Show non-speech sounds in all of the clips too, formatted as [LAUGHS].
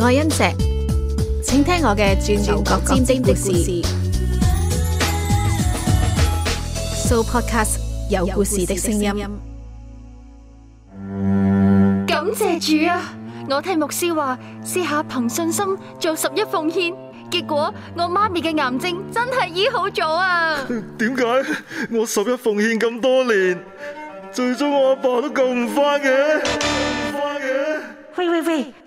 愛恩姐，請聽我嘅鑽牛角尖的故事。So podcast 有故事的聲音。感謝主啊！我聽牧師話，試下憑信心做十一奉獻，結果我媽咪嘅癌症真係醫好咗啊！點解？我十一奉獻咁多年，最終我阿爸都救唔翻嘅。救唔翻嘅。喂喂喂！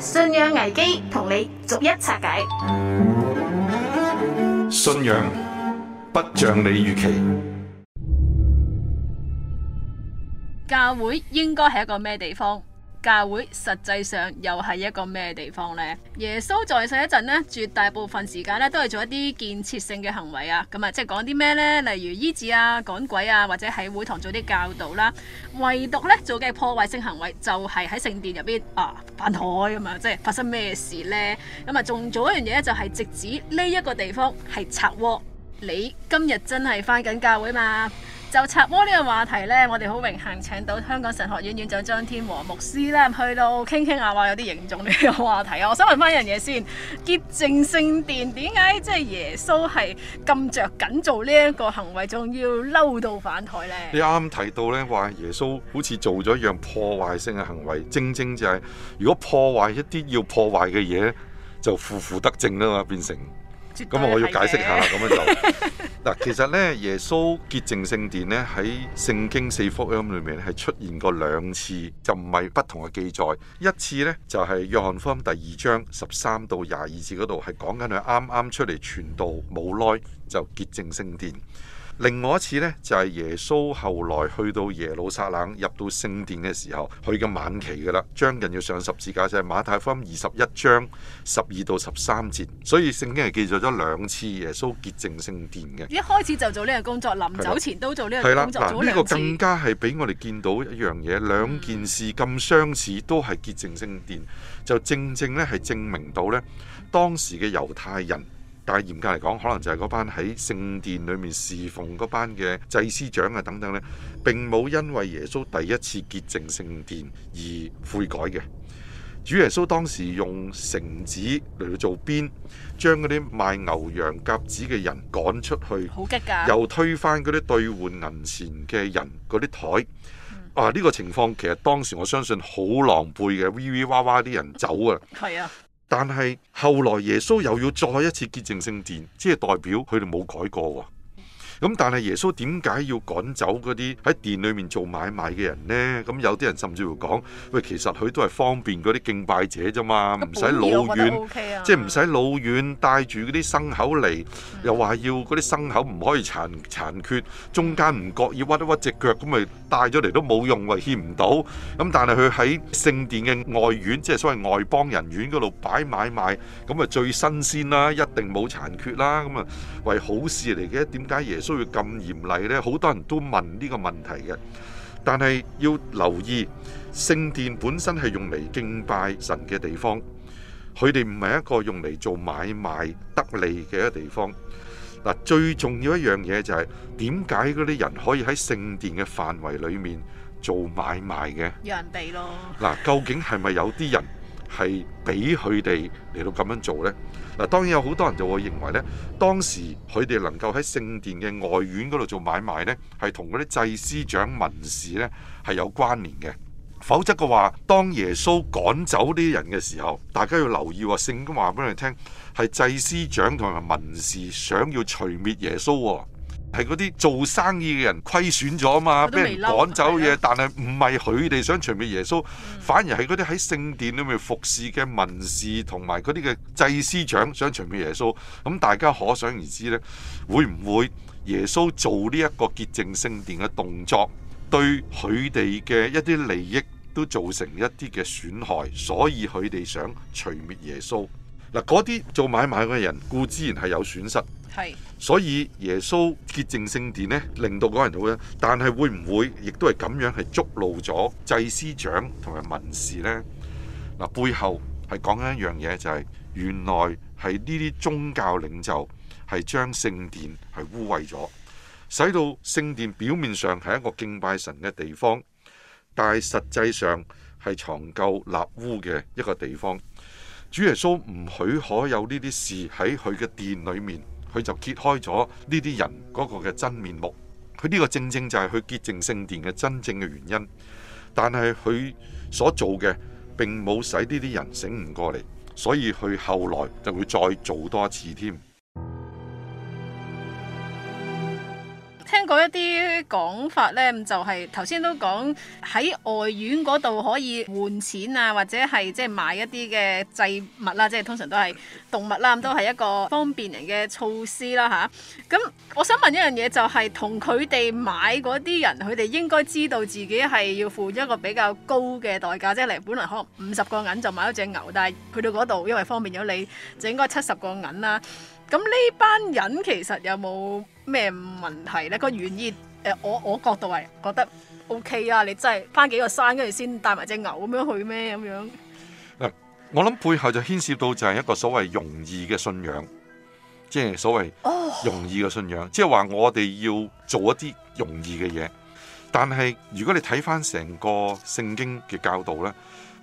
信仰危機同你逐一拆解。信仰不像你預期，教會應該係一個咩地方？教會實際上又係一個咩地方呢？耶穌在世一陣呢，絕大部分時間呢，都係做一啲建設性嘅行為啊，咁啊，即係講啲咩呢？例如醫治啊、趕鬼啊，或者喺會堂做啲教導啦。唯獨呢，做嘅破壞性行為就係喺聖殿入邊啊反枱，啊嘛，即係發生咩事呢？咁啊，仲做一樣嘢呢，就係直指呢一個地方係賊窩。你今日真係返緊教會嘛？就插摩呢個話題呢，我哋好榮幸請到香港神學院院長張天和牧師呢，去到傾傾下話有啲嚴重呢個話題啊。我想問翻一樣嘢先，潔淨聖殿，點解即係耶穌係咁着緊做呢一個行為，仲要嬲到反台呢？你啱啱提到呢話耶穌好似做咗一樣破壞性嘅行為，正正就係如果破壞一啲要破壞嘅嘢，就負負得正啊嘛，變成咁我要解釋下咁樣就。 [LAUGHS] 嗱，其實咧，耶穌潔淨聖殿咧，喺聖經四福音裏面咧，係出現過兩次，就唔係不同嘅記載。一次咧就係約翰福音第二章十三到廿二節嗰度，係講緊佢啱啱出嚟傳道冇耐就潔淨聖殿。另外一次呢，就係、是、耶穌後來去到耶路撒冷入到聖殿嘅時候，去嘅晚期噶啦，將近要上十字架就係、是、馬太福音二十一章十二到十三節，所以聖經係記載咗兩次耶穌潔淨聖殿嘅。一開始就做呢個工作，臨走前都做呢個工作。係啦，呢、這個更加係俾我哋見到一樣嘢，兩件事咁相似，都係潔淨聖殿，就正正咧係證明到呢當時嘅猶太人。但係嚴格嚟講，可能就係嗰班喺聖殿裏面侍奉嗰班嘅祭司長啊等等呢，並冇因為耶穌第一次潔淨聖殿而悔改嘅。主耶穌當時用繩子嚟到做鞭，將嗰啲賣牛羊鴿子嘅人趕出去，好激㗎！又推翻嗰啲兌換銀錢嘅人嗰啲台啊！呢個情況其實當時我相信好狼狽嘅，嗶嗶哇哇啲人走啊！係啊！但係後來耶穌又要再一次潔淨聖殿，即係代表佢哋冇改過。咁但係耶穌點解要趕走啲喺殿裏面做買賣嘅人咧？咁有啲人甚至乎會講，喂，其實佢都係方便啲敬拜者啫嘛，唔使老遠，即係唔使老遠帶住啲牲口嚟，又話要啲牲口唔可以殘殘缺，中間唔覺意屈一屈隻腳咁咪帶咗嚟都冇用喂，攛唔到。咁但係佢喺聖殿嘅外院，即係所謂外邦人院度擺買賣，咁啊最新鮮啦，一定冇殘缺啦，咁啊為好事嚟嘅。點解耶穌。需要咁嚴厲咧？好多人都問呢個問題嘅。但係要留意，聖殿本身係用嚟敬拜神嘅地方，佢哋唔係一個用嚟做買賣得利嘅一個地方。嗱，最重要一樣嘢就係點解嗰啲人可以喺聖殿嘅範圍裏面做買賣嘅？有人哋咯。嗱，究竟係咪有啲人？係俾佢哋嚟到咁樣做呢？嗱，當然有好多人就會認為呢，當時佢哋能夠喺聖殿嘅外院嗰度做買賣呢，係同嗰啲祭司長民事、文士呢係有關聯嘅。否則嘅話，當耶穌趕走呢啲人嘅時候，大家要留意話，聖經話俾你聽，係祭司長同埋文士想要除滅耶穌喎、哦。係嗰啲做生意嘅人虧損咗嘛，俾人趕走嘢，但係唔係佢哋想除滅耶穌，嗯、反而係嗰啲喺聖殿裏面服侍嘅文士同埋嗰啲嘅祭司長想除滅耶穌。咁大家可想而知呢，會唔會耶穌做呢一個潔淨聖殿嘅動作，對佢哋嘅一啲利益都造成一啲嘅損害，所以佢哋想除滅耶穌。嗱，嗰啲做買賣嘅人，固之然係有損失。所以耶穌潔淨聖殿咧，令到嗰人好啫，但係會唔會，亦都係咁樣係捉露咗祭司長同埋文士咧？嗱，背後係講緊一樣嘢，就係原來係呢啲宗教領袖係將聖殿係污穢咗，使到聖殿表面上係一個敬拜神嘅地方，但係實際上係藏垢納污嘅一個地方。主耶穌唔許可有呢啲事喺佢嘅殿裏面，佢就揭開咗呢啲人嗰個嘅真面目。佢呢個正正就係佢潔淨聖殿嘅真正嘅原因，但係佢所做嘅並冇使呢啲人醒唔過嚟，所以佢後來就會再做多次添。聽過一啲講法呢，就係頭先都講喺外院嗰度可以換錢啊，或者係即係買一啲嘅祭物啦，即係通常都係動物啦，都係一個方便人嘅措施啦，吓，咁我想問一樣嘢，就係同佢哋買嗰啲人，佢哋應該知道自己係要付一個比較高嘅代價。即係例如，就係本來可能五十個銀就買咗隻牛，但係去到嗰度因為方便咗你，就應該七十個銀啦。咁呢班人其實有冇咩問題呢？個原意誒，我我角度係覺得 OK 啊！你真係翻幾個山，跟住先帶埋隻牛咁樣去咩咁樣？我諗背後就牽涉到就係一個所謂容易嘅信仰，即係所謂容易嘅信仰，即係話我哋要做一啲容易嘅嘢。但係如果你睇翻成個聖經嘅教導呢，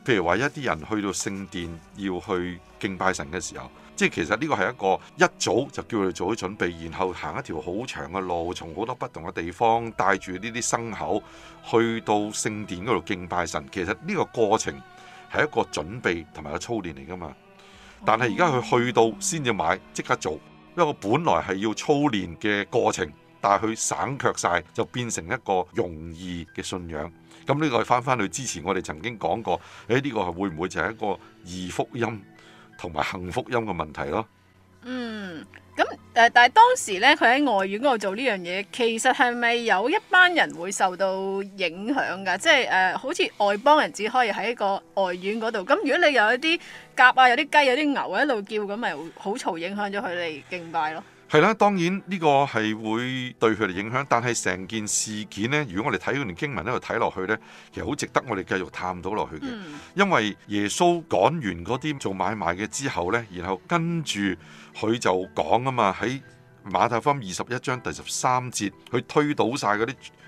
譬如話一啲人去到聖殿要去敬拜神嘅時候。即係其實呢個係一個一早就叫佢做好準備，然後行一條好長嘅路，從好多不同嘅地方帶住呢啲牲口去到聖殿嗰度敬拜神。其實呢個過程係一個準備同埋個操練嚟噶嘛。但係而家佢去到先至買，即刻做，因為我本來係要操練嘅過程，但係佢省卻晒，就變成一個容易嘅信仰。咁呢個翻翻去之前我哋曾經講過，誒、哎、呢、呢個係會唔會就係一個二福音？同埋幸福音嘅問題咯，嗯，咁誒，但係當時咧，佢喺外院嗰度做呢樣嘢，其實係咪有一班人會受到影響㗎？即係誒、呃，好似外邦人只可以喺一個外院嗰度，咁如果你有一啲鴿啊，有啲雞，有啲牛喺度叫咁，咪好嘈，影響咗佢哋敬拜咯。係啦、啊，當然呢個係會對佢哋影響，但係成件事件呢，如果我哋睇完經文呢度睇落去呢，其實好值得我哋繼續探討落去嘅，嗯。因為耶穌講完嗰啲做買賣嘅之後呢，然後跟住佢就講啊嘛，喺馬太福音二十一章第十三節，佢推倒晒嗰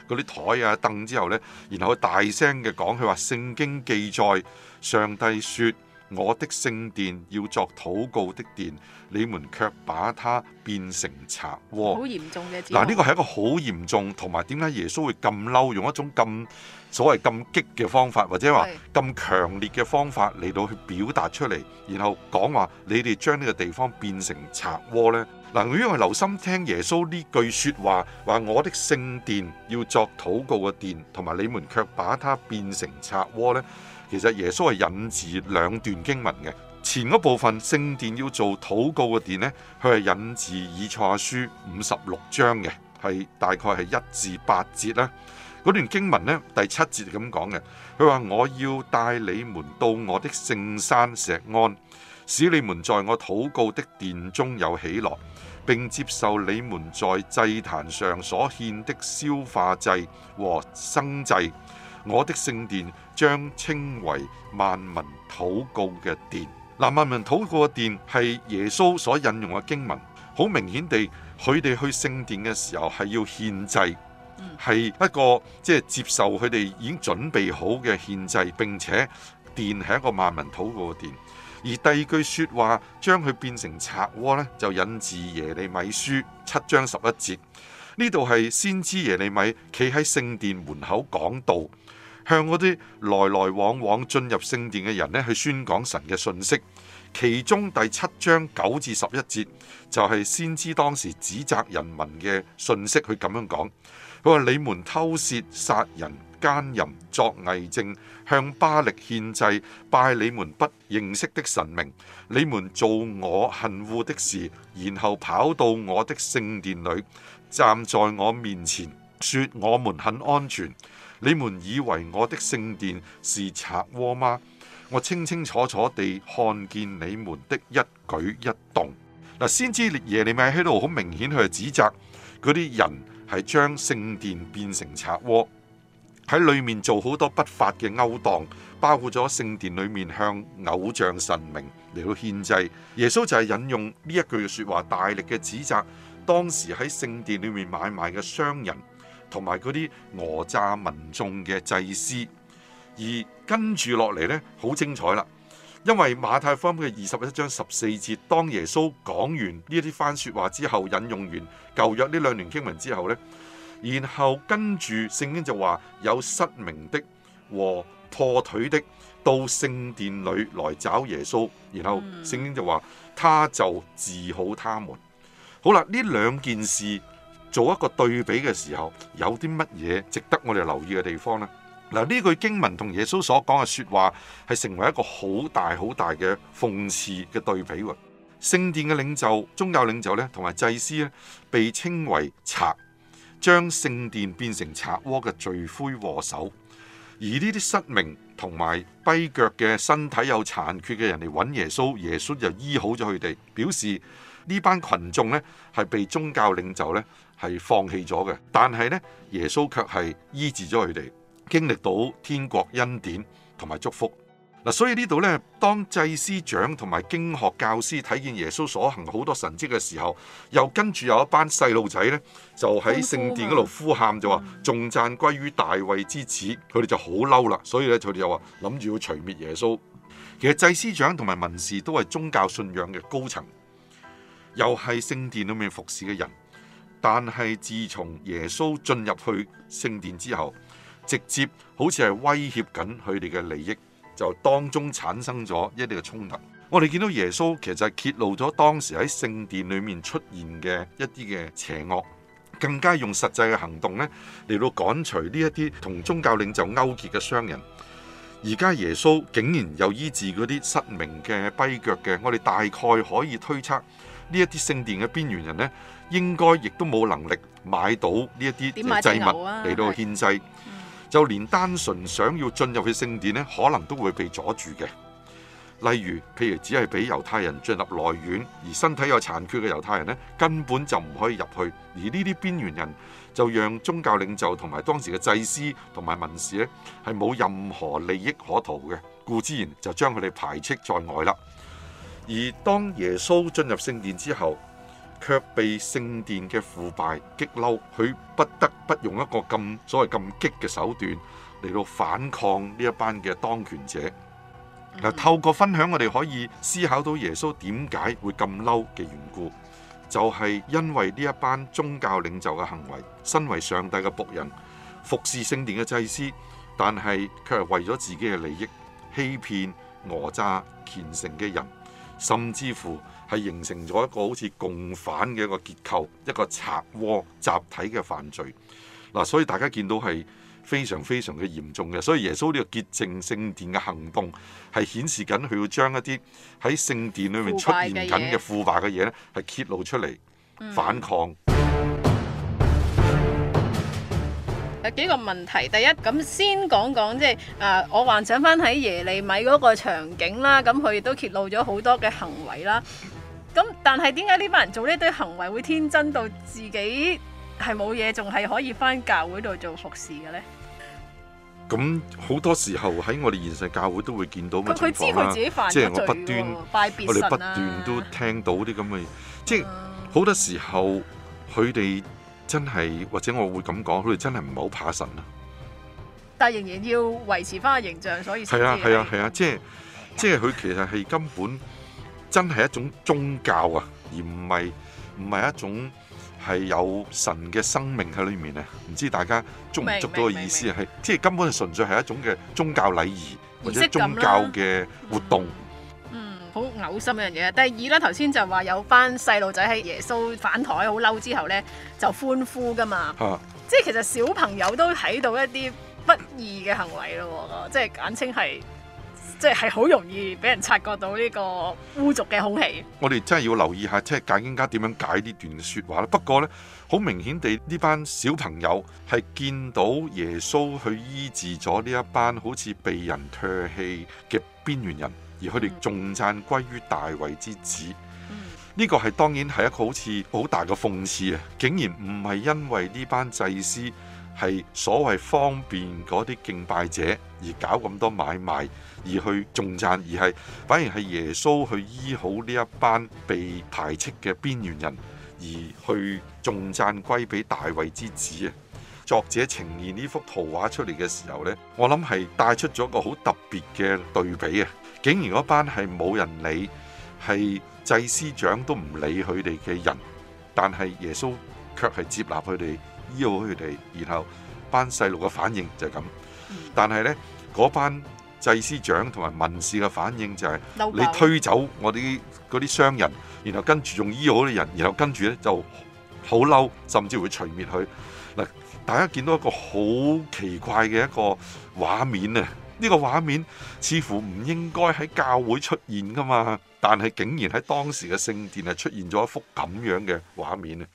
啲啲台啊凳之後呢，然後佢大聲嘅講佢話：聖經記載，上帝說我的聖殿要作禱告的殿。你們卻把它變成賊窩。嗱，呢個係一個好嚴重，同埋點解耶穌會咁嬲，用一種咁所謂咁激嘅方法，或者話咁強烈嘅方法嚟到去表達出嚟，然後講話你哋將呢個地方變成賊窩呢？」「嗱，我因為留心聽耶穌呢句説話，話我的聖殿要作禱告嘅殿，同埋你們卻把它變成賊窩呢。」其實耶穌係引自兩段經文嘅。前一部分聖殿要做禱告嘅殿呢，佢係引自以賽亞書五十六章嘅，係大概係一至八節啦。嗰段經文呢，第七節咁講嘅，佢話，我要帶你們到我的聖山錫安，使你們在我禱告的殿中有喜樂，並接受你們在祭壇上所獻的燒化祭和牲祭。我的聖殿將稱為萬民禱告嘅殿。嗱，萬民土個殿係耶穌所引用嘅經文，好明顯地佢哋去聖殿嘅時候係要獻祭，係一個即係接受佢哋已經準備好嘅獻祭，並且殿係一個萬民土個殿。而第二句説話將佢變成賊窩呢就引自耶利米書七章十一節，呢度係先知耶利米企喺聖殿門口講道。向嗰啲來來往往進入聖殿嘅人咧去宣講神嘅信息，其中第七章九至十一節就係先知當時指責人民嘅信息去，佢咁樣講：佢話你們偷竊、殺人、奸淫、作偽證，向巴力獻祭，拜你們不認識的神明，你們做我恨惡的事，然後跑到我的聖殿裏站在我面前，說我們很安全。你們以為我的聖殿是賊窩嗎？我清清楚楚地看見你們的一舉一動。嗱，先知列耶，你咪喺度好明顯去指責嗰啲人係將聖殿變成賊窩，喺裏面做好多不法嘅勾當，包括咗聖殿裏面向偶像神明嚟到獻祭。耶穌就係引用呢一句說話，大力嘅指責當時喺聖殿裏面買賣嘅商人。同埋嗰啲訛詐民眾嘅祭司，而跟住落嚟呢，好精彩啦！因為馬太福音嘅二十一章十四節，當耶穌講完呢啲番說話之後，引用完舊約呢兩年經文之後呢，然後跟住聖經就話有失明的和破腿的到聖殿裏來找耶穌，然後聖經就話他就治好他們。好啦，呢兩件事。做一個對比嘅時候，有啲乜嘢值得我哋留意嘅地方呢？嗱，呢句經文同耶穌所講嘅說話，係成為一個好大好大嘅諷刺嘅對比喎。聖殿嘅領袖、宗教領袖呢，同埋祭司呢，被稱為賊，將聖殿變成賊窩嘅罪魁禍首。而呢啲失明同埋跛腳嘅身體有殘缺嘅人嚟搵耶穌，耶穌就醫好咗佢哋，表示呢班群眾呢，係被宗教領袖呢。係放棄咗嘅，但係咧，耶穌卻係醫治咗佢哋，經歷到天國恩典，同埋祝福嗱。所以呢度咧，當祭司長同埋經學教師睇見耶穌所行好多神蹟嘅時候，又跟住有一班細路仔咧，就喺聖殿嗰度呼喊就話，頌讚歸於大衛之子。佢哋就好嬲啦，所以咧，佢哋又話諗住要除滅耶穌。其實祭司長同埋文士都係宗教信仰嘅高層，又係聖殿裏面服侍嘅人。但係，自從耶穌進入去聖殿之後，直接好似係威脅緊佢哋嘅利益，就當中產生咗一啲嘅衝突。我哋見到耶穌其實揭露咗當時喺聖殿裡面出現嘅一啲嘅邪惡，更加用實際嘅行動呢嚟到趕除呢一啲同宗教領袖勾結嘅商人。而家耶穌竟然又醫治嗰啲失明嘅跛腳嘅，我哋大概可以推測。呢一啲聖殿嘅邊緣人呢，應該亦都冇能力買到呢一啲祭物嚟到去獻祭，就連單純想要進入去聖殿呢，可能都會被阻住嘅。例如，譬如只係俾猶太人進入內院，而身體有殘缺嘅猶太人呢，根本就唔可以入去。而呢啲邊緣人就讓宗教領袖同埋當時嘅祭司同埋文士呢，係冇任何利益可圖嘅，故之然就將佢哋排斥在外啦。而當耶穌進入聖殿之後，卻被聖殿嘅腐敗激嬲，佢不得不用一個咁所謂咁激嘅手段嚟到反抗呢一班嘅當權者。嗱，透過分享，我哋可以思考到耶穌點解會咁嬲嘅緣故，就係、是、因為就係因為呢一班宗教領袖嘅行為。身為上帝嘅僕人，服侍聖殿嘅祭司，但係卻係為咗自己嘅利益欺騙訛詐虔誠嘅人。甚至乎係形成咗一個好似共犯嘅一個結構，一個賊窩集體嘅犯罪。嗱，所以大家見到係非常非常嘅嚴重嘅，所以耶穌呢個潔淨聖殿嘅行動係顯示緊佢要將一啲喺聖殿裏面出現緊嘅腐敗嘅嘢咧，係揭露出嚟反抗、嗯。誒，幾個問題，第一，咁先講講，即係誒，我幻想翻喺耶利米嗰個場景啦，咁佢亦都揭露咗好多嘅行為啦。咁但係點解呢班人做呢堆行為會天真到自己係冇嘢，仲係可以翻教會度做服侍嘅咧？咁好多時候喺我哋現實教會都會見到嘅情況啦，即係、就是、我不端，啊、我哋不斷都聽到啲咁嘅，即係好多時候佢哋。真係或者我會咁講，佢哋真係唔係好怕神啦、啊。但係仍然要維持翻個形象，所以係啊係啊係啊，啊，即係即係佢其實係根本真係一種宗教啊，而唔係唔係一種係有神嘅生命喺裏面咧、啊。唔知大家捉唔捉到個意思啊。係即係根本係純粹係一種嘅宗教禮儀或者宗教嘅活動。好心嗰嘢，第二啦，頭先就話有班細路仔喺耶穌反台好嬲之後呢，就歡呼噶嘛，啊、即係其實小朋友都睇到一啲不義嘅行為咯，即係簡稱係，即係好容易俾人察覺到呢個污濁嘅空氣。我哋真係要留意一下，即係解經家點樣解呢段說話啦。不過呢，好明顯地，呢班小朋友係見到耶穌去醫治咗呢一班好似被人唾棄嘅邊緣人。而佢哋重讚歸於大衞之子，呢個係當然係一個好似好大嘅諷刺啊！竟然唔係因為呢班祭司係所謂方便嗰啲敬拜者而搞咁多買賣而去重讚，而係反而係耶穌去醫好呢一班被排斥嘅邊緣人，而去重讚歸俾大衞之子啊！作者呈現呢幅圖畫出嚟嘅時候呢，我諗係帶出咗個好特別嘅對比啊！竟然嗰班係冇人理，係祭司長都唔理佢哋嘅人，但係耶穌卻係接納佢哋，醫好佢哋，然後班細路嘅反應就係咁。但係呢，嗰班祭司長同埋文士嘅反應就係、是、你推走我哋嗰啲商人，然後跟住用醫好啲人，然後跟住呢就好嬲，甚至會除滅佢。嗱，大家見到一個好奇怪嘅一個畫面啊！呢、這個畫面似乎唔應該喺教會出現㗎嘛，但係竟然喺當時嘅聖殿係出現咗一幅咁樣嘅畫面。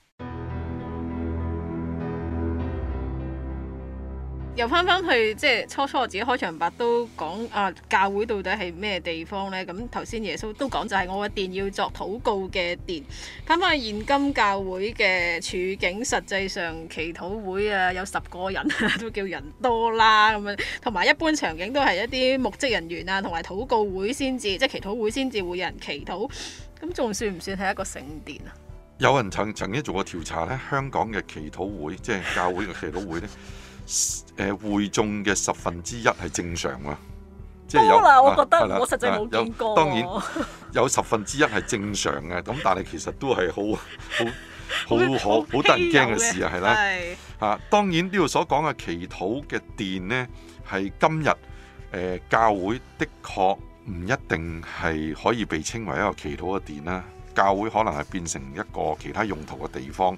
又返返去，即係初初我自己開場白都講啊，教會到底係咩地方呢？咁頭先耶穌都講就係、是、我嘅殿要作禱告嘅殿。返返去現今教會嘅處境，實際上祈禱會啊，有十個人都叫人多啦咁樣，同埋一般場景都係一啲牧職人員啊，同埋禱告會先至，即係祈禱會先至會，會有人祈禱。咁仲算唔算係一個聖殿啊？有人曾曾經做過調查呢，香港嘅祈禱會，即係教會嘅祈禱會呢。 [LAUGHS] 誒、呃，會眾嘅十分之一係正常啊，即係有。我覺得、啊、我實在冇見過。啊、當然有十分之一係正常嘅，咁 [LAUGHS] 但係其實都係好好好好得人驚嘅事啊，係啦。啊，當然呢度所講嘅祈禱嘅殿呢，係今日誒、呃、教會的確唔一定係可以被稱為一個祈禱嘅殿啦。教會可能係變成一個其他用途嘅地方。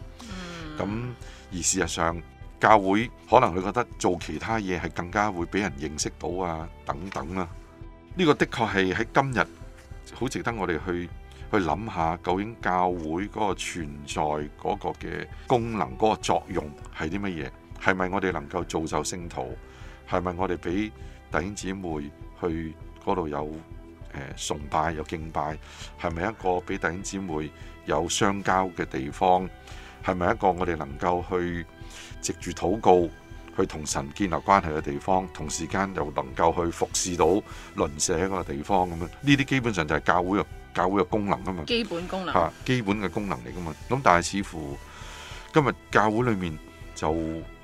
咁、嗯、而事實上。教會可能佢覺得做其他嘢係更加會俾人認識到啊，等等啦。呢個的確係喺今日好值得我哋去去諗下，究竟教會嗰個存在嗰個嘅功能、嗰個作用係啲乜嘢？係咪我哋能夠造就聖徒？係咪我哋俾弟兄姊妹去嗰度有誒崇拜，有敬拜？係咪一個俾弟兄姊妹有相交嘅地方？係咪一個我哋能夠去？藉住禱告去同神建立關係嘅地方，同時間又能夠去服侍到鄰舍一個地方咁樣，呢啲基本上就係教會嘅教會嘅功能吖嘛。基本功能吓，啊，基本嘅功能嚟噶嘛。咁但係似乎今日教會裏面就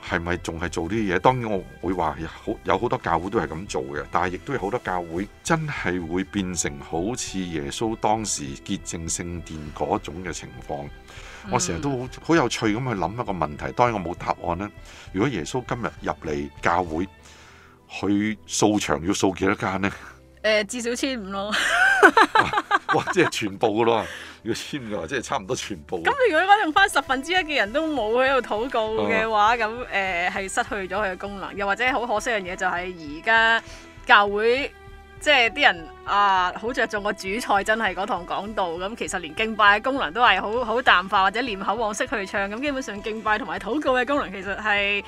係咪仲係做啲嘢？當然我會話有有好多教會都係咁做嘅，但係亦都有好多教會真係會變成好似耶穌當時潔淨聖殿嗰種嘅情況。我成日都好好有趣咁去諗一個問題，當然我冇答案啦，如果耶穌今日入嚟教會，去掃場要掃幾多間呢？誒，至少千五咯。哇，即係全部噶咯，要千五嘅話，即係差唔多全部。咁如果我用翻十分之一嘅人都冇喺度禱告嘅話，咁誒係失去咗佢嘅功能。又或者好可惜樣嘢就係而家教會。即係啲人啊，好着重個主菜真、真係嗰堂講道，咁。其實連敬拜嘅功能都係好好淡化或者念口往式去唱，咁基本上敬拜同埋禱告嘅功能，其實係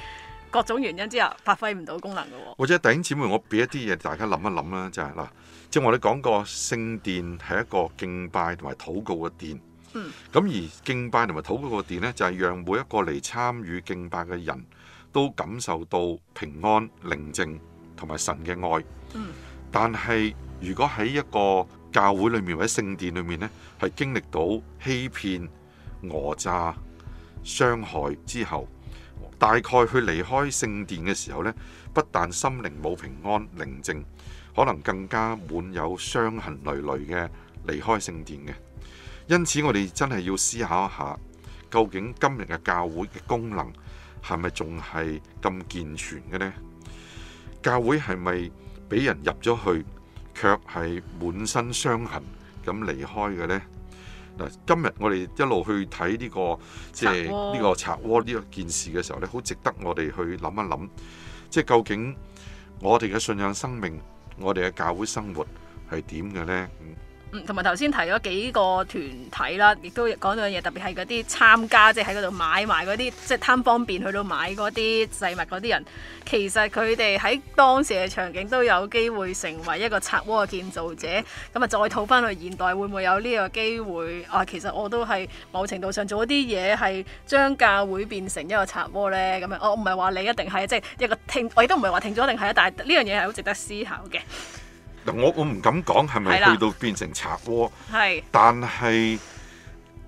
各種原因之下發揮唔到功能嘅，哦。或者弟兄姊妹，我俾一啲嘢大家諗一諗啦，就係、是、嗱，即係我哋講個聖殿係一個敬拜同埋禱告嘅殿。咁、嗯、而敬拜同埋禱告嘅殿呢，就係、是、讓每一個嚟參與敬拜嘅人都感受到平安、寧靜同埋神嘅愛。嗯。但係，如果喺一個教會裏面或者聖殿裏面呢，係經歷到欺騙、訛詐、傷害之後，大概去離開聖殿嘅時候呢，不但心靈冇平安寧靜，可能更加滿有傷痕累累嘅離開聖殿嘅。因此，我哋真係要思考一下，究竟今日嘅教會嘅功能係咪仲係咁健全嘅呢？教會係咪？俾人入咗去，卻係滿身傷痕咁離開嘅呢。今日我哋一路去睇呢、這個即係呢個賊窩呢一件事嘅時候呢，好值得我哋去諗一諗，即、就、係、是、究竟我哋嘅信仰生命、我哋嘅教會生活係點嘅呢？同埋頭先提咗幾個團體啦，亦都講到一樣嘢，特別係嗰啲參加即係喺嗰度買埋嗰啲，即係貪方便去到買嗰啲祭物嗰啲人，其實佢哋喺當時嘅場景都有機會成為一個賊窩嘅建造者。咁啊，再套翻去現代，會唔會有呢個機會啊？其實我都係某程度上做一啲嘢，係將教會變成一個賊窩呢。咁樣，我唔係話你一定係，即係一個停，我亦都唔係話停咗一定係，但係呢樣嘢係好值得思考嘅。我我唔敢講係咪去到變成賊窩，是是但係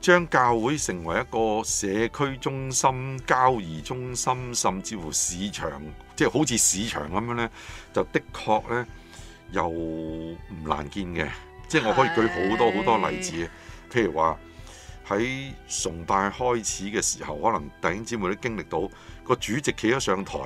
將教會成為一個社區中心、交易中心，甚至乎市場，即係好似市場咁樣呢，就的確呢，又唔難見嘅。即係我可以舉好多好多例子，譬如話喺崇拜開始嘅時候，可能弟兄姊妹都經歷到。個主席企咗上台，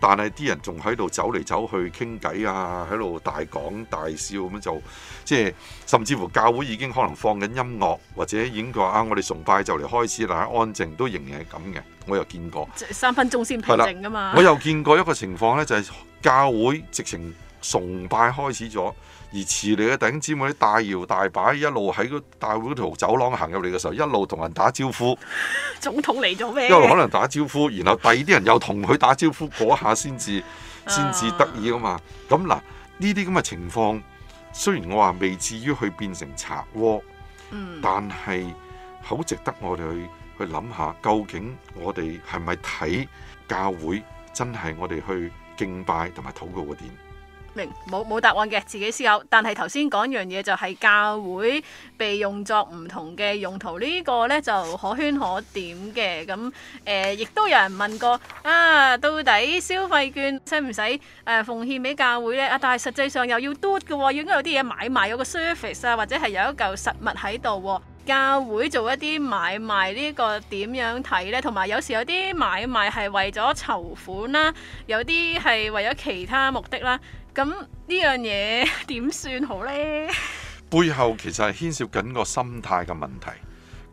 但係啲人仲喺度走嚟走去傾偈啊，喺度大講大笑咁就，即係甚至乎教會已經可能放緊音樂，或者已經話啊，我哋崇拜就嚟開始，喇，安靜都仍然係咁嘅，我又見過三分鐘先平靜噶嘛，我又見過一個情況呢，就係、係、教會直情崇拜開始咗。而遲嚟嘅頂尖嗰啲大搖大擺一路喺個大會嗰條走廊行入嚟嘅時候，一路同人打招呼。總統嚟咗咩？一路可能打招呼，然後第二啲人又同佢打招呼，嗰 [LAUGHS] 下先至先至得意啊嘛！咁嗱，呢啲咁嘅情況，雖然我話未至於去變成賊窩，嗯，但係好值得我哋去去諗下，究竟我哋係咪睇教會真係我哋去敬拜同埋禱告嘅點？冇冇答案嘅，自己思考。但係頭先講樣嘢就係、是、教會被用作唔同嘅用途呢、這個呢，就可圈可點嘅。咁誒，亦、呃、都有人問過啊，到底消費券使唔使誒奉獻俾教會呢？」啊，但係實際上又要嘟嘅，應該有啲嘢買賣有個 service 啊，或者係有一嚿實物喺度。教會做一啲買賣呢、這個點樣睇呢？同埋有，有時有啲買賣係為咗籌款啦，有啲係為咗其他目的啦。咁呢樣嘢點算好呢？背後其實係牽涉緊個心態嘅問題。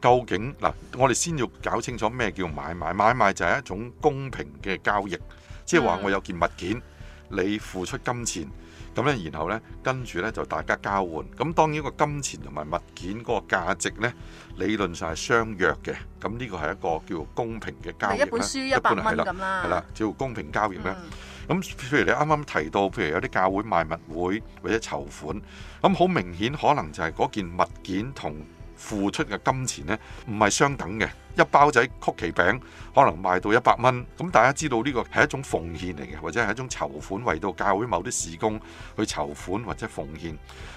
究竟嗱，我哋先要搞清楚咩叫買賣？買賣就係一種公平嘅交易，即係話我有件物件，你付出金錢，咁咧，然後呢，跟住呢就大家交換。咁當然個金錢同埋物件嗰個價值呢，理論上係相約嘅。咁呢個係一個叫公平嘅交易。就是、一本書一百蚊咁啦，係啦，叫公平交易啦。嗯咁譬如你啱啱提到，譬如有啲教會賣物會或者籌款，咁好明顯可能就係嗰件物件同付出嘅金錢咧，唔係相等嘅。一包仔曲奇餅可能賣到一百蚊，咁大家知道呢個係一種奉獻嚟嘅，或者係一種籌款，為到教會某啲事工去籌款或者奉獻。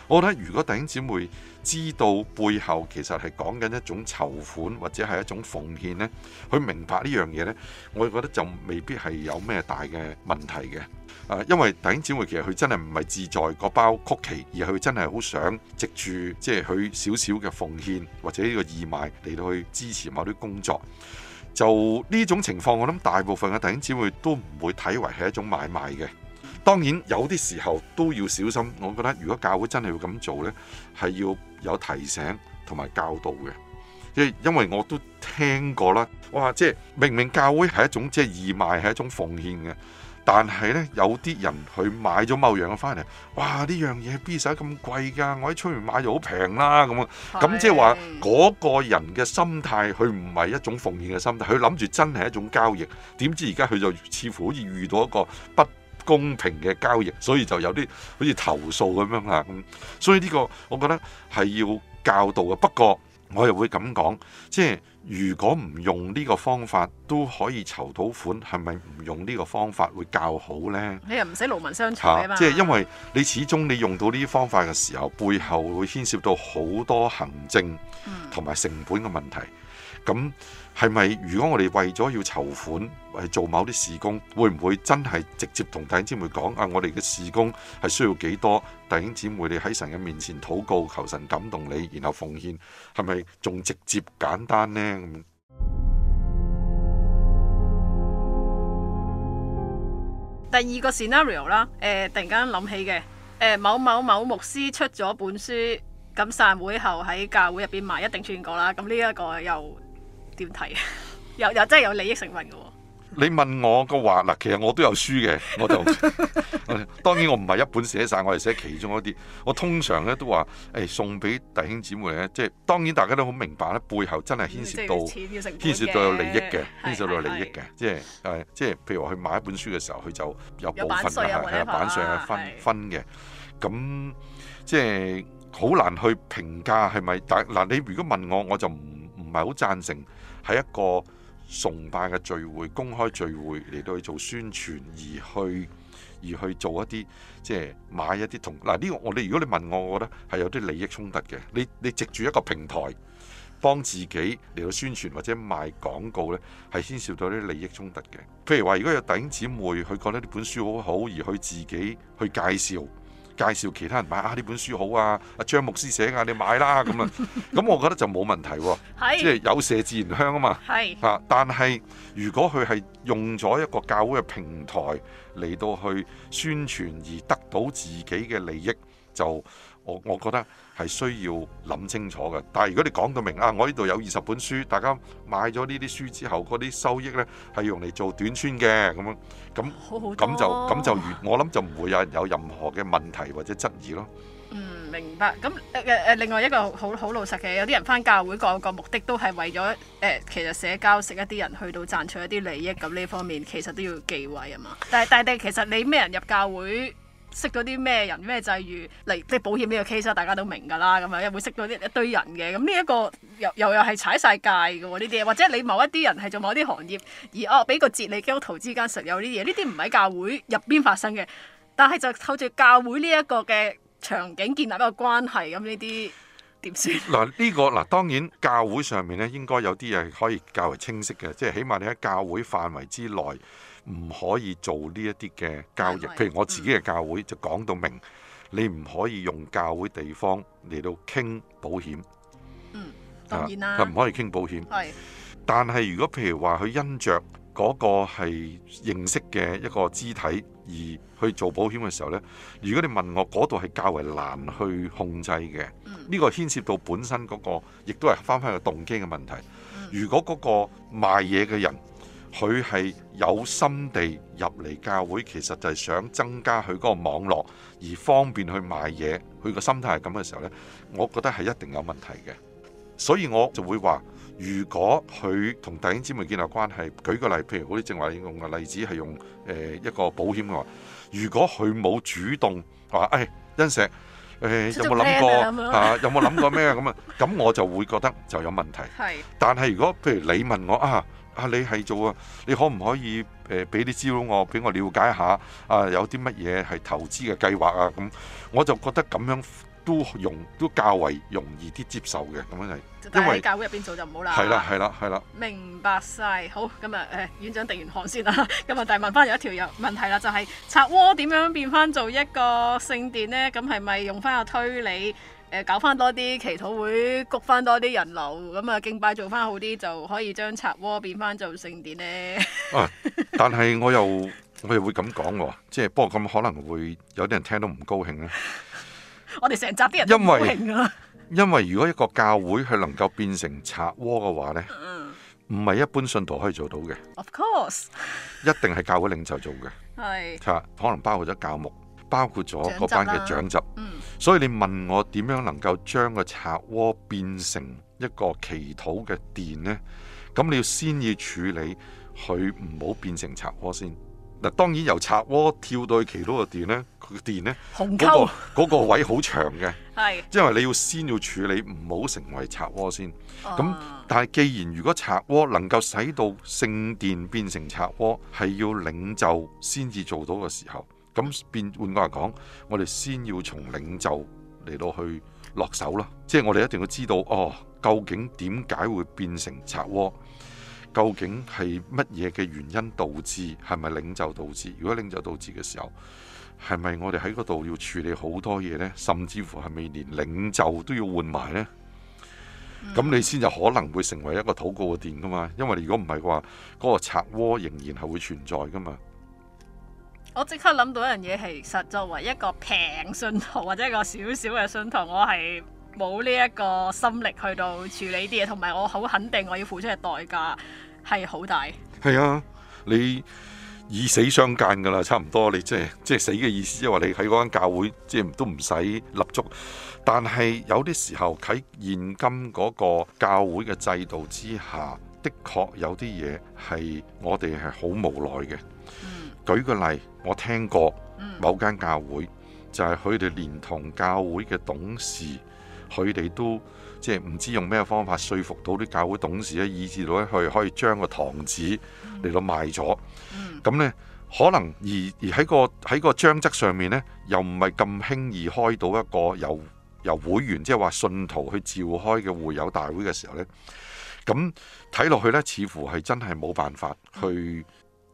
我覺得如果弟兄姊妹知道背後其實係講緊一種籌款或者係一種奉獻呢，去明白呢樣嘢呢，我覺得就未必係有咩大嘅問題嘅。因為弟兄姊妹其實佢真係唔係志在嗰包曲奇，而佢真係好想藉住即係佢少少嘅奉獻或者呢個義賣嚟到去支持某啲工作。就呢種情況，我諗大部分嘅弟兄姊妹都唔會睇為係一種買賣嘅。當然有啲時候都要小心。我覺得如果教會真係要咁做呢，係要有提醒同埋教導嘅。因因為我都聽過啦，哇！即明明教會係一種即係義賣係一種奉獻嘅。但係咧，有啲人去買咗某樣嘅翻嚟，哇！呢樣嘢必使咁貴㗎，我喺出面買就好平啦咁啊，咁即係話嗰個人嘅心態，佢唔係一種奉獻嘅心態，佢諗住真係一種交易。點知而家佢就似乎好似遇到一個不公平嘅交易，所以就有啲好似投訴咁樣嚇咁。所以呢個我覺得係要教導嘅。不過，我又會咁講，即係如果唔用呢個方法都可以籌到款，係咪唔用呢個方法會較好呢？你又唔使勞民傷財啊嘛，即係因為你始終你用到呢啲方法嘅時候，背後會牽涉到好多行政同埋成本嘅問題，咁、嗯。係咪如果我哋為咗要籌款，係做某啲事工，會唔會真係直接同弟兄姊妹講啊？我哋嘅事工係需要幾多？弟兄姊妹，你喺神嘅面前禱告，求神感動你，然後奉獻，係咪仲直接簡單呢？第二個 scenario 啦，誒，突然間諗起嘅，呃，某某某牧師出咗本書，咁散會後喺教會入邊賣，一定串過啦。咁呢一個又。點睇啊？又又真係有利益成分嘅，哦。你問我嘅話嗱，其實我都有書嘅，我就 [LAUGHS] 當然我唔係一本寫晒，我係寫其中一啲。我通常咧都話，誒、哎、送俾弟兄姊妹咧，即、就、係、是、當然大家都好明白咧，背後真係牽涉到牽、嗯就是，涉到有利益嘅，牽涉到有利益嘅，即係誒，即係譬如話去買一本書嘅時候，佢就有部分啊，係啊，版稅啊分分嘅。咁即係好難去評價係咪？但嗱，你如果問我，我就唔唔係好贊成。喺一個崇拜嘅聚會，公開聚會嚟到去做宣傳，而去而去做一啲即係買一啲同，嗱呢個我哋，如果你問我，我覺得係有啲利益衝突嘅。你你藉住一個平台幫自己嚟到宣傳或者賣廣告呢，係牽涉到啲利益衝突嘅。譬如話，如果有弟兄姊妹佢覺得呢本書好好，而去自己去介紹。介紹其他人買啊！呢本書好啊，阿張牧師寫啊你買啦咁啊！咁 [LAUGHS] 我覺得就冇問題喎、啊，即係、就是、有麝自然香啊嘛。係啊，但係如果佢係用咗一個教會嘅平台嚟到去宣傳而得到自己嘅利益，就我我覺得。係需要諗清楚嘅，但係如果你講到明啊，我呢度有二十本書，大家買咗呢啲書之後，嗰啲收益呢係用嚟做短宣嘅，咁樣咁，咁就咁就，我諗就唔會有人有任何嘅問題或者質疑咯。嗯，明白。咁誒誒，另外一個好好老實嘅，有啲人返教會個個目的都係為咗誒，其實社交識一啲人，去到賺取一啲利益咁呢方面，其實都要忌諱啊嘛。但係但係其實你咩人入教會？識到啲咩人咩，際遇，嚟即係保險呢個 case，大家都明㗎啦。咁樣又會識到啲一堆人嘅。咁呢一個又又又係踩晒界嘅喎。呢啲嘢，或者你某一啲人係做某一啲行業，而哦俾個哲理基督徒之間實有呢啲嘢。呢啲唔喺教會入邊發生嘅，但係就透住教會呢一個嘅場景建立一個關係。咁呢啲點算？嗱呢個嗱當然教會上面咧應該有啲嘢可以較為清晰嘅，即係起碼你喺教會範圍之內，唔可以做呢一啲嘅交易，譬如我自己嘅教會就講到明，你唔可以用教會地方嚟到傾保險，嗯，當然啦，佢唔可以傾保險，係，但係如果譬如話，佢因着嗰個係認識嘅一個肢體而去做保險嘅時候咧，如果你問我嗰度係較為難去控制嘅，呢個牽涉到本身嗰個亦都係翻翻個動機嘅問題，如果嗰個賣嘢嘅人，佢係有心地入嚟教會，其實就係想增加佢嗰個網絡，而方便去賣嘢。佢個心態係咁嘅時候呢，我覺得係一定有問題嘅。所以我就會話，如果佢同弟兄姊妹建立關係，舉個例，譬如好似正話用嘅例子係用誒一個保險嘅話，如果佢冇主動話誒、哎、欣石誒、哎、有冇諗過有冇諗過咩啊？咁啊，咁 [LAUGHS] 我就會覺得就有問題。係，但係如果譬如你問我啊？啊！你係做啊？你可唔可以誒俾啲資料我，俾我了解一下啊？有啲乜嘢係投資嘅計劃啊？咁我就覺得咁樣都容都較為容易啲接受嘅，咁樣係，因為喺教會入邊做就唔好啦。係啦係啦係啦。明白晒。好咁啊！誒、呃，院長定完汗先啦。咁啊，但係問翻有一條又問題啦，就係、是、拆窩點樣變翻做一個聖殿咧？咁係咪用翻個推理？誒，搞翻多啲祈禱會，谷翻多啲人流，咁啊敬拜做翻好啲，就可以將賊窩變翻做聖殿。咧 [LAUGHS] 啊，但係我又我又會咁講、啊，即、就、係、是、不過咁可能會有啲人聽到唔高興咧、啊。 [LAUGHS] 我哋成集啲人、啊、因為因為如果一個教會係能夠變成賊窩嘅話咧，唔、mm. 係一般信徒可以做到嘅。Of course， [LAUGHS] 一定係教會領袖做嘅。係、 [LAUGHS] 就是，可能包括咗教牧，包括咗嗰、啊、班嘅長執。嗯所以你問我點樣能夠將個賊窩變成一個祈禱嘅殿呢？咁你要先要處理佢唔好變成賊窩先。嗱，當然由賊窩跳到去祈禱嘅殿呢，佢個殿呢，嗰個嗰個位好長嘅， [LAUGHS] 因為你要先要處理唔好成為賊窩先。咁但係既然如果賊窩能夠使到聖殿變成賊窩，係要領袖先至做到嘅時候。咁換句話講，我哋先要從領袖嚟到去落手囉。即係我哋一定要知道，哦，究竟點解會變成賊窩？究竟係乜嘢嘅原因導致？係咪領袖導致？如果領袖導致嘅時候，係咪我哋喺嗰度要處理好多嘢呢？甚至乎係咪連領袖都要換埋呢？咁你先有可能會成為一個禱告嘅殿噶嘛？因為如果唔係嘅話，嗰、那個賊窩仍然係會存在噶嘛。我即刻諗到一樣嘢，其實作為一個平信徒或者一個少少嘅信徒，我係冇呢一個心力去到處理啲嘢，同埋我好肯定我要付出嘅代價係好大。係啊，你以死相間噶啦，差唔多你即係即係死嘅意思，即係話你喺嗰間教會即係、即係、都唔使立足。但係有啲時候喺現今嗰個教會嘅制度之下，的確有啲嘢係我哋係好無奈嘅、嗯。舉個例。我聽過某間教會，就係佢哋連同教會嘅董事，佢哋都即係唔知用咩方法說服到啲教會董事咧，以至到咧佢可以將個堂子嚟到賣咗、嗯。咁、嗯、呢，可能而而喺個喺個章則上面呢，又唔係咁輕易開到一個由由會員即係話信徒去召開嘅會友大會嘅時候呢。咁睇落去呢，似乎係真係冇辦法去。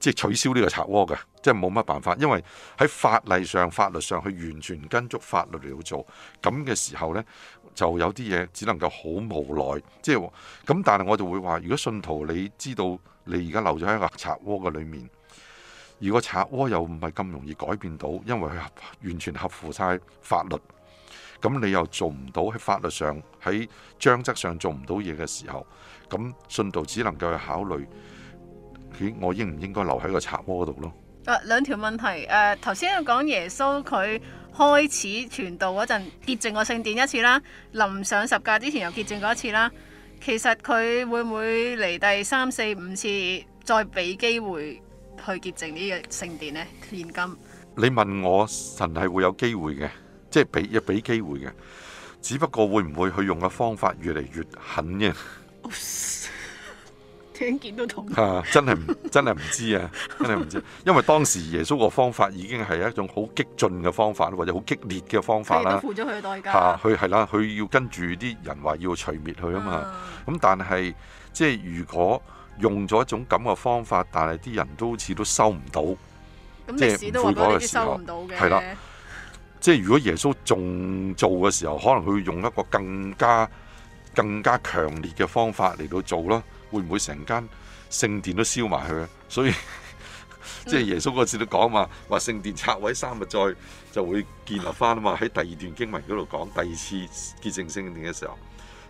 即係取消呢個賊窩嘅，即係冇乜辦法，因為喺法例上、法律上，去完全跟足法律嚟做。咁嘅時候呢，就有啲嘢只能夠好無奈。即係咁，但係我就會話：如果信徒你知道你而家留咗喺個賊窩嘅裡面，如果賊窩又唔係咁容易改變到，因為佢完全合乎晒法律，咁你又做唔到喺法律上、喺章則上做唔到嘢嘅時候，咁信徒只能夠去考慮。我應唔應該留喺個茶窩度咯？誒、啊，兩條問題誒，頭先講耶穌佢開始傳道嗰陣，潔淨個聖殿一次啦，臨上十架之前又潔淨過一次啦。其實佢會唔會嚟第三四五次再俾機會去潔淨呢個聖殿呢？現今你問我神係會有機會嘅，即係俾亦俾機會嘅，只不過會唔會佢用嘅方法越嚟越狠嘅？ [LAUGHS] 已經見到痛苦真係唔真係唔知啊！真係唔知，真係唔知，因為當時耶穌個方法已經係一種好激進嘅方法，或者好激烈嘅方法付咗佢嘅代價。吓，佢係啦，佢、啊、要跟住啲人話要除滅佢啊嘛。咁、嗯、但係即係如果用咗一種咁嘅方法，但係啲人都好似都收唔到，嗯、即係唔會嗰個時候係啦、嗯。即係如果耶穌仲做嘅時候，可能佢用一個更加更加強烈嘅方法嚟到做囉。會唔會成間聖殿都燒埋去？所以即係、就是、耶穌嗰次都講嘛，話聖殿拆毀三日再就會建立翻吖嘛。喺第二段經文嗰度講第二次潔淨聖殿嘅時候，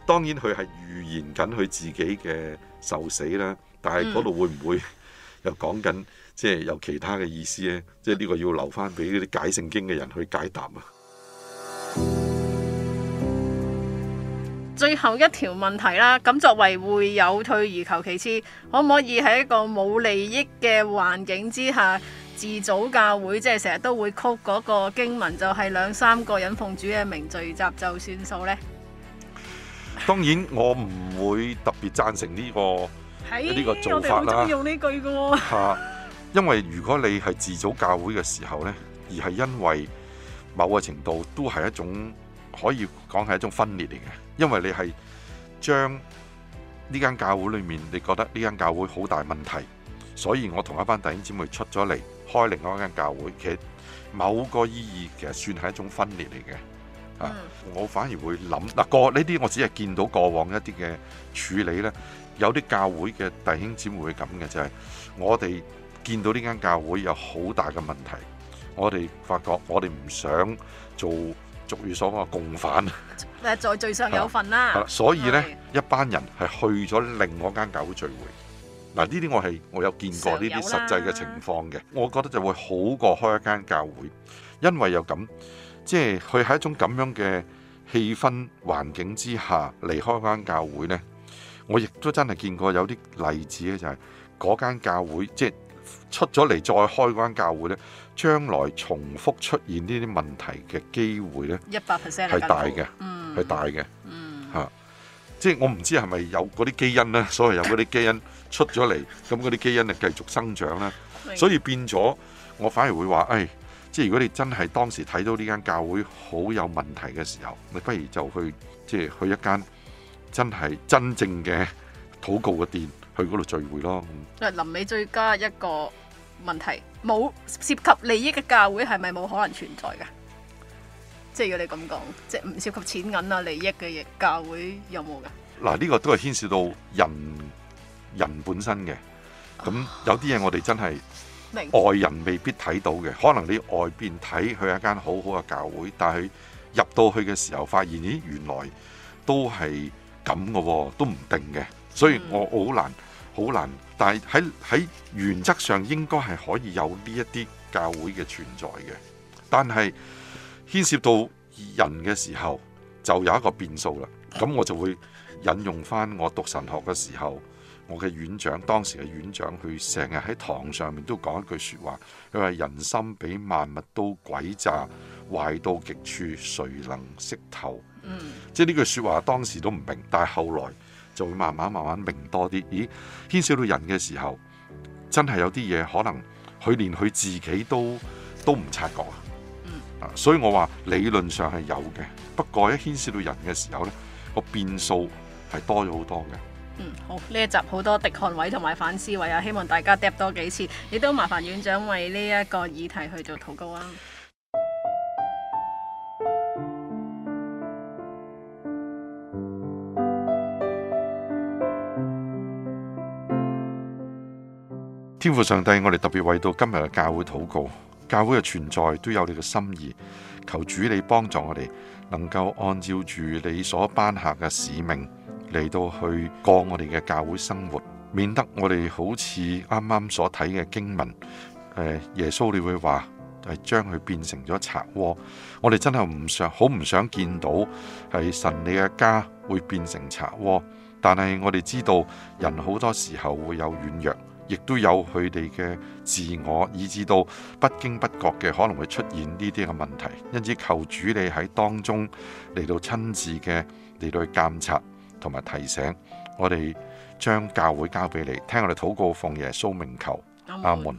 當然佢係預言緊佢自己嘅受死啦。但係嗰度會唔會又講緊即係有其他嘅意思咧？即係呢個要留翻俾嗰啲解聖經嘅人去解答啊！最後一條問題啦，咁作為會有退而求其次，可唔可以喺一個冇利益嘅環境之下，自組教會，即係成日都會曲嗰個經文，就係兩三個人奉主嘅名聚集就算數呢？當然，我唔會特別贊成呢個呢個做法啦。嚇，我哋好鍾意用呢句㗎喎。因為如果你係自組教會嘅時候呢，而係因為某個程度都係一種可以講係一種分裂嚟嘅。因為你係將呢間教會裏面，你覺得呢間教會好大問題，所以我同一班弟兄姊妹出咗嚟開另外一間教會。其實某個意義其實算係一種分裂嚟嘅。啊、嗯，我反而會諗嗱過呢啲，這我只係見到過往一啲嘅處理呢，有啲教會嘅弟兄姊妹會咁嘅就係、是，我哋見到呢間教會有好大嘅問題，我哋發覺我哋唔想做俗語所講嘅共犯。在罪上有份啦。所以呢，一班人係去咗另外間教會聚會。嗱，呢啲我係我有見過呢啲實際嘅情況嘅，我覺得就會好過開一間教會，因為有咁，即係佢喺一種咁樣嘅氣氛環境之下，離開嗰間教會呢，我亦都真係見過有啲例子咧，就係嗰間教會即係出咗嚟再開嗰間教會呢，將來重複出現呢啲問題嘅機會呢，一百 percent 係大嘅，係、嗯、大嘅嚇、嗯。即係我唔知係咪有嗰啲基因呢？所謂有嗰啲基因出咗嚟，咁嗰啲基因就繼續生長啦。所以變咗，我反而會話，誒、哎，即係如果你真係當時睇到呢間教會好有問題嘅時候，你不如就去，即係去一間真係真正嘅禱告嘅殿，去嗰度聚會咯。即係臨尾再加一個問題。冇涉及利益嘅教會係咪冇可能存在噶？即係如果你咁講，即係唔涉及錢銀啊、利益嘅嘢，教會有冇噶？嗱，呢個都係牽涉到人人本身嘅。咁有啲嘢我哋真係外人未必睇到嘅，可能你外邊睇佢係一間好好嘅教會，但係入到去嘅時候，發現咦，原來都係咁嘅，都唔定嘅。所以我好難。嗯好難，但係喺原則上應該係可以有呢一啲教會嘅存在嘅，但係牽涉到人嘅時候就有一個變數啦。咁我就會引用翻我讀神學嘅時候，我嘅院長，當時嘅院長佢成日喺堂上面都講一句説話，佢話人心比萬物都詭詐，壞到極處，誰能識透？嗯，即係呢句説話當時都唔明，但係後來。就會慢慢慢慢明多啲。咦，牽涉到人嘅時候，真係有啲嘢可能佢連佢自己都都唔察覺。啊、嗯，所以我話理論上係有嘅，不過一牽涉到人嘅時候，呢個變數係多咗好多嘅。嗯，好，呢一集好多敵看位同埋反思位啊，希望大家釣多，多幾次。亦都麻煩院長為呢一個議題去做圖高啊！天父上帝，我哋特別為到今日嘅教會禱告，教會嘅存在都有你嘅心意。求主你幫助我哋，能夠按照住你所頒下嘅使命嚟到去過我哋嘅教會生活，免得我哋好似啱啱所睇嘅經文，耶穌你會話係將佢變成咗賊窩。我哋真係唔想，好唔想見到係神你嘅家會變成賊窩。但係我哋知道，人好多時候會有軟弱。亦都有佢哋嘅自我，以致到不經不覺嘅可能會出現呢啲嘅問題，因此求主你喺當中嚟到親自嘅嚟到去監察同埋提醒我哋，將教會交俾你，聽我哋禱告，奉耶穌名求，阿門。